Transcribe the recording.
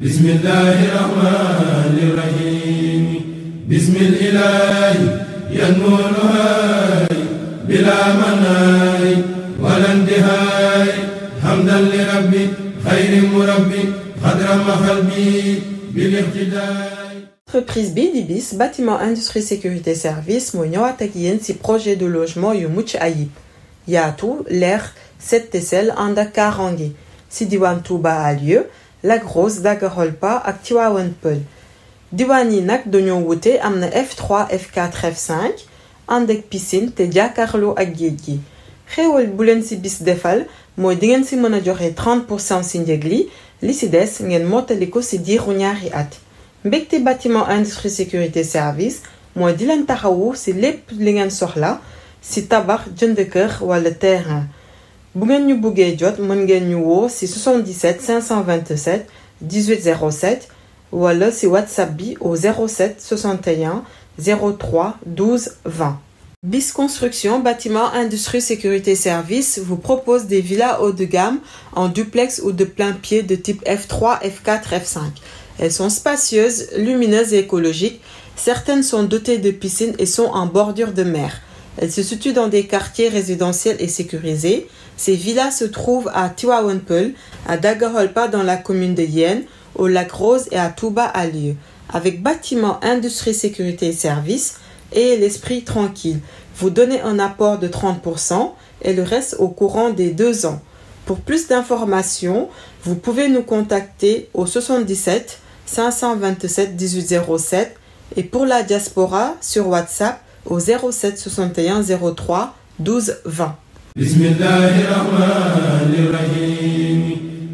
bismillahi rahmani rahim bismillahi yan nuuruhaay bila manaay wala intihaay hamdan li rabbi xayri murabbi xadrama xalbi bil ixtidaay entreprise bii di BIS bâtiment industrie sécurité service moo ñëwaat ak yéen ci projet de logement yu mucc ayib yaatu leer set te sell ànd ak kaaraange ci diwaan Touba à Lieu Lac Rose Daguerolpa ak Tivaouane Peulh diwaan yi nag dañoo wute am na F3 F4 F5 ànd te jàkkaarloo ak géej gi xéewal bu leen ci bis defal mooy di si ci mën a joxe 30 pour cent si njëg li li ci des ngeen mottali ko ci diiru ñaari at mbégte bâtiment industrie sécurité service mooy di leen taxawu si lépp li ngeen soxla si tabax jënd kër wala terrain bu ngeen ñu bëggee jot mën ngeen ñu woo ci 77 527 1807 wala ci whatsapp bi au 07 61 03 12 20. BIS Construction Bâtiment Industrie Sécurité Service vous propose des villas haut de gamme en duplex ou de plain-pied de type F3, F4, F5. Elles sont spacieuses, lumineuses et écologiques. Certaines sont dotées de piscines et sont en bordure de mer. Elle se situe dans des quartiers résidentiels et sécurisés. Ces villas se trouvent à Tiwawonpel, à Dagarolpa dans la commune de Yen, au lac Rose et à Touba à Lieu. Avec bâtiments, industrie, sécurité et services et l'esprit tranquille. Vous donnez un apport de 30% et le reste au courant des deux ans. Pour plus d'informations, vous pouvez nous contacter au 77 527 1807 et pour la diaspora sur WhatsApp au 07 61 03 12 20.